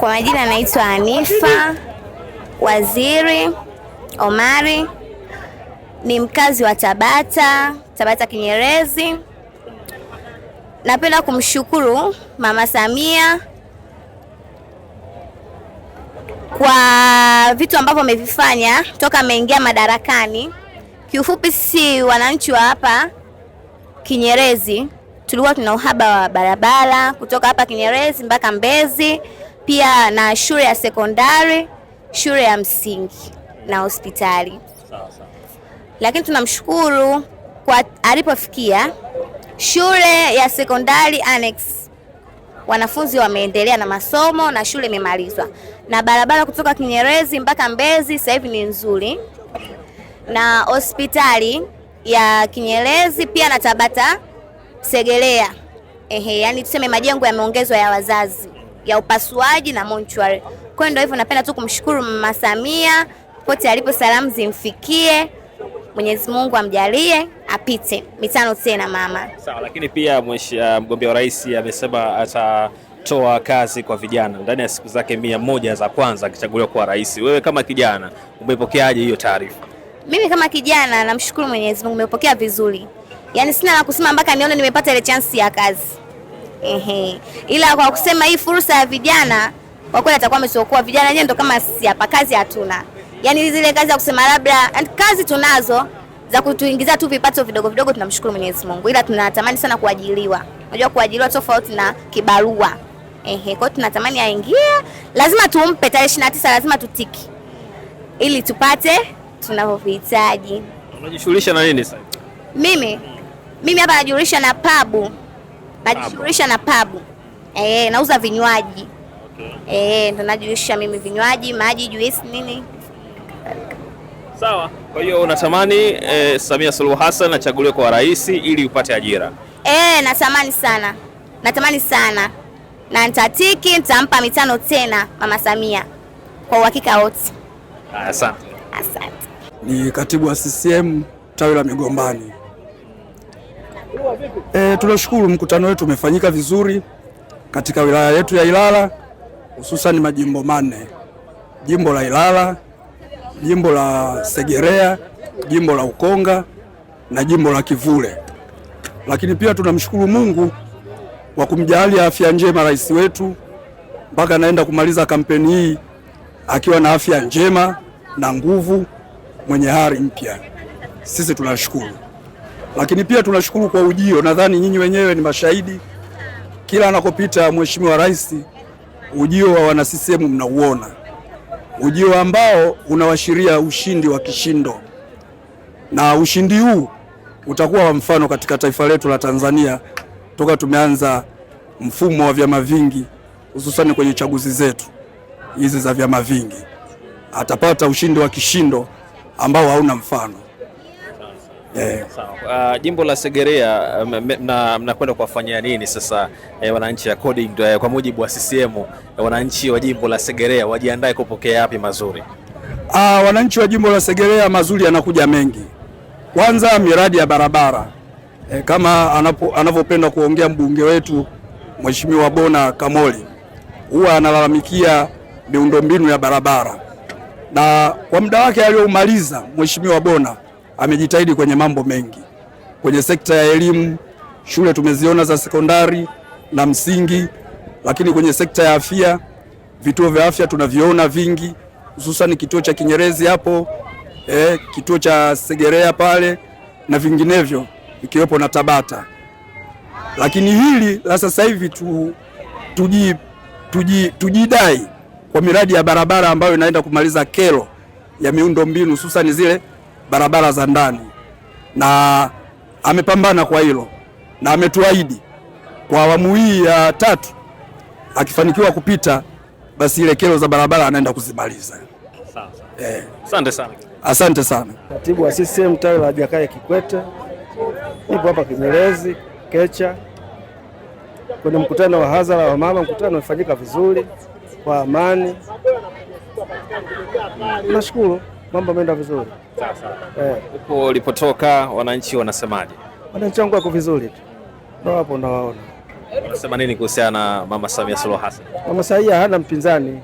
Kwa majina anaitwa anifa Waziri Omari, ni mkazi wa Tabata, Tabata Kinyerezi. Napenda kumshukuru Mama Samia kwa vitu ambavyo amevifanya toka ameingia madarakani. Kiufupi, sisi wananchi wa hapa Kinyerezi tulikuwa tuna uhaba wa barabara kutoka hapa Kinyerezi mpaka Mbezi pia na shule ya sekondari, shule ya msingi na hospitali. Lakini tunamshukuru kwa alipofikia shule ya sekondari annex, wanafunzi wameendelea na masomo na shule imemalizwa, na barabara kutoka Kinyerezi mpaka Mbezi sasa hivi ni nzuri, na hospitali ya Kinyerezi pia na Tabata segelea Ehe, yani tuseme majengo yameongezwa ya wazazi ya upasuaji na mortuary. Kwa hiyo ndio hivyo, napenda tu kumshukuru Mama Samia pote alipo, salamu zimfikie. Mwenyezi Mungu amjalie apite mitano tena mama. Sawa, lakini pia uh, mgombea wa rais amesema atatoa kazi kwa vijana ndani ya siku zake mia moja za kwanza akichaguliwa kuwa rais. Wewe kama kijana umepokeaje hiyo taarifa? Mimi kama kijana namshukuru Mwenyezi Mungu, nimepokea vizuri, yaani sina la kusema mpaka nione nimepata ile chance ya kazi. Ehe. Ila kwa kusema hii fursa ya vijana kwa kweli atakuwa amesiokoa vijana wenyewe, ndo kama sisi hapa kazi hatuna, yaani zile kazi za kusema labda kazi tunazo za kutuingiza tu vipato vidogo vidogo, tunamshukuru Mwenyezi Mungu, ila tunatamani sana kuajiliwa. Unajua kuajiliwa tofauti na kibarua. Ehe, kwa tunatamani aingie, lazima tumpe tarehe 29 lazima tutiki ili tupate tunavyohitaji. Unajishughulisha na nini sasa? Mimi mimi hapa najishughulisha na pabu najishughulisha na pabu e, eh, nauza vinywaji okay. Eh, ndo najishughulisha mimi vinywaji, maji, juisi, nini. Sawa. Kwa hiyo unatamani eh, Samia Suluhu Hassan achaguliwe kwa rais ili upate ajira? E, natamani sana, natamani sana na nitatiki, nitampa mitano tena Mama Samia kwa uhakika wote. Asante. Asante. Ni katibu wa CCM tawi la Migombani. E, tunashukuru mkutano wetu umefanyika vizuri katika wilaya yetu ya Ilala hususan majimbo manne: jimbo la Ilala, jimbo la Segerea, jimbo la Ukonga na jimbo la Kivule. Lakini pia tunamshukuru Mungu kwa kumjalia afya njema rais wetu mpaka anaenda kumaliza kampeni hii akiwa na afya njema na nguvu, mwenye hari mpya. Sisi tunashukuru. Lakini pia tunashukuru kwa ujio, nadhani nyinyi wenyewe ni mashahidi, kila anakopita mheshimiwa rais, ujio wa wana CCM mnauona, ujio ambao unawashiria ushindi wa kishindo, na ushindi huu utakuwa wa mfano katika taifa letu la Tanzania toka tumeanza mfumo wa vyama vingi, hususani kwenye chaguzi zetu hizi za vyama vingi, atapata ushindi wa kishindo ambao hauna mfano. Yeah. Sawa. Uh, jimbo la Segerea eh, mnakwenda kuwafanyia nini sasa eh, wananchi according eh, kwa mujibu wa CCM eh, wananchi wa jimbo la Segerea wajiandae kupokea yapi mazuri? Uh, wananchi wa jimbo la Segerea mazuri yanakuja mengi. Kwanza miradi ya barabara eh, kama anavyopenda kuongea mbunge wetu Mheshimiwa Bona Kamoli huwa analalamikia miundombinu ya barabara, na kwa muda wake aliyoumaliza Mheshimiwa Bona amejitahidi kwenye mambo mengi kwenye sekta ya elimu, shule tumeziona za sekondari na msingi, lakini kwenye sekta ya afya, vituo vya afya tunaviona vingi, hususan kituo cha Kinyerezi hapo eh, kituo cha Segerea pale na vinginevyo ikiwepo na Tabata. Lakini hili la sasa hivi tu, tuji, tuji, tujidai kwa miradi ya barabara ambayo inaenda kumaliza kero ya miundo mbinu hususan zile barabara za ndani, na amepambana kwa hilo na ametuahidi kwa awamu hii ya tatu akifanikiwa kupita, basi ile kero za barabara anaenda kuzimaliza. Eh, asante sana, asante sana. Katibu wa CCM tawi la Jakaya Kikwete, nipo hapa Kinyerezi Kecha kwenye mkutano wa hadhara wa mama. Mkutano umefanyika vizuri kwa amani, nashukuru mambo yameenda vizuri. huko eh, ulipotoka wananchi wanasemaje? Wananchi wangu wako vizuri tu, ndio hapo nawaona. Wanasema nini kuhusiana na Mama Samia Suluhu Hassan? Mama Samia hana mpinzani,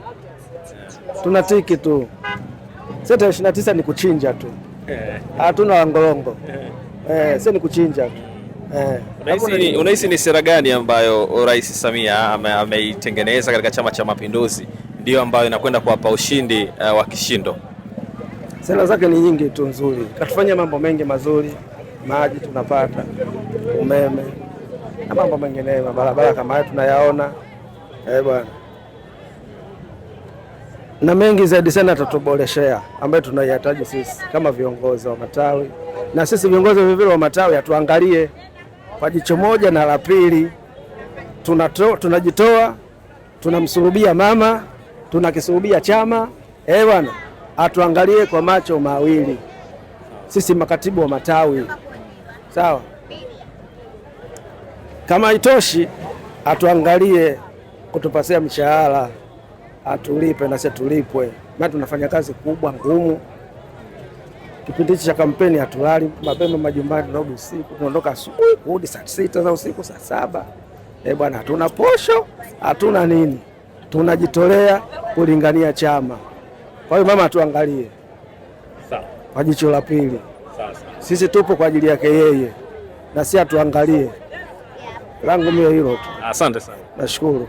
tuna tiki tu sasa. ishirini na tisa ni kuchinja tu, eh. hatuna wangorongo eh. eh, sasa ni kuchinja tu. Eh, unahisi ni sera gani ambayo Rais Samia ameitengeneza ame katika Chama cha Mapinduzi ndio ambayo inakwenda kuwapa ushindi uh, wa kishindo? Sera zake ni nyingi tu nzuri, katufanya mambo mengi mazuri, maji tunapata, umeme na mambo mengineyo, mabarabara kama haya tunayaona, eh bwana, na mengi zaidi sana atatuboreshea, ambayo tunayahitaji sisi kama viongozi wa matawi, na sisi viongozi vilevile wa matawi atuangalie kwa jicho moja na la pili. Tunajitoa tunamsurubia mama, tunakisurubia chama, eh bwana atuangalie kwa macho mawili, sisi makatibu wa matawi, sawa. Kama itoshi atuangalie kutupasia mshahara, atulipe na sisi tulipwe, maana tunafanya kazi kubwa ngumu. Kipindi hichi cha kampeni hatulali mapema majumbani, tunarudi usiku, tunaondoka asubuhi, kurudi saa sita za usiku, saa saba. E bwana, hatuna posho, hatuna nini, tunajitolea kulingania chama. Kwa hiyo mama tuangalie kwa jicho la pili. Sisi tupo kwa ajili yake yeye, na si atuangalie. Langu mio hilo tu. Asante sana, nashukuru.